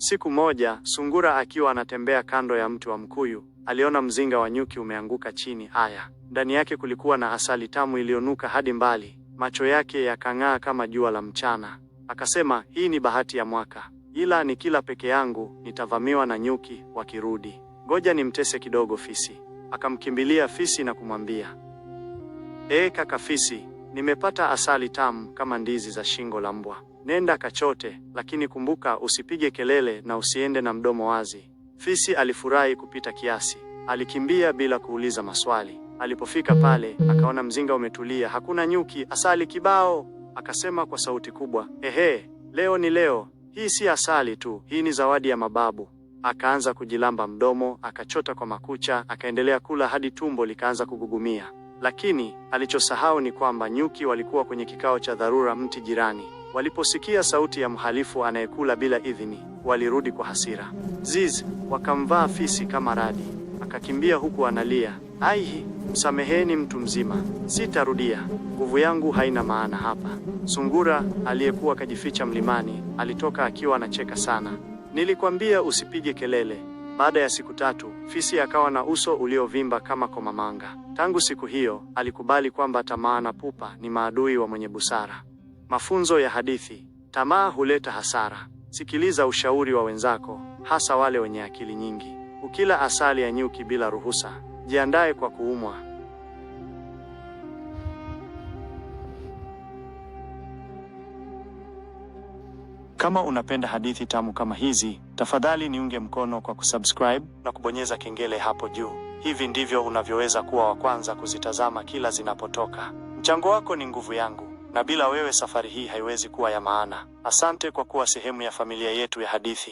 Siku moja, Sungura akiwa anatembea kando ya mti wa mkuyu, aliona mzinga wa nyuki umeanguka chini. Haya, ndani yake kulikuwa na asali tamu iliyonuka hadi mbali. Macho yake yakang'aa kama jua la mchana. Akasema, hii ni bahati ya mwaka, ila ni kila peke yangu, nitavamiwa na nyuki wakirudi. Ngoja nimtese kidogo fisi. Akamkimbilia fisi na kumwambia, ee kaka fisi, nimepata asali tamu kama ndizi za shingo la mbwa. Nenda kachote, lakini kumbuka usipige kelele na usiende na mdomo wazi. Fisi alifurahi kupita kiasi. Alikimbia bila kuuliza maswali. Alipofika pale, akaona mzinga umetulia, hakuna nyuki, asali kibao. Akasema kwa sauti kubwa, ehe, leo ni leo. Hii si asali tu, hii ni zawadi ya mababu. Akaanza kujilamba mdomo, akachota kwa makucha, akaendelea kula hadi tumbo likaanza kugugumia. Lakini alichosahau ni kwamba nyuki walikuwa kwenye kikao cha dharura mti jirani. Waliposikia sauti ya mhalifu anayekula bila idhini, walirudi kwa hasira. Ziz wakamvaa fisi kama radi, akakimbia huku analia, aihi, msameheni mtu mzima, sitarudia, nguvu yangu haina maana hapa. Sungura aliyekuwa akajificha mlimani alitoka akiwa anacheka sana. Nilikwambia usipige kelele. Baada ya siku tatu, fisi akawa na uso uliovimba kama komamanga. Tangu siku hiyo, alikubali kwamba tamaa na pupa ni maadui wa mwenye busara. Mafunzo ya hadithi: tamaa huleta hasara. Sikiliza ushauri wa wenzako, hasa wale wenye akili nyingi. Ukila asali ya nyuki bila ruhusa, jiandae kwa kuumwa. Kama unapenda hadithi tamu kama hizi, tafadhali niunge mkono kwa kusubscribe na kubonyeza kengele hapo juu. Hivi ndivyo unavyoweza kuwa wa kwanza kuzitazama kila zinapotoka. Mchango wako ni nguvu yangu na bila wewe safari hii haiwezi kuwa ya maana. Asante kwa kuwa sehemu ya familia yetu ya hadithi.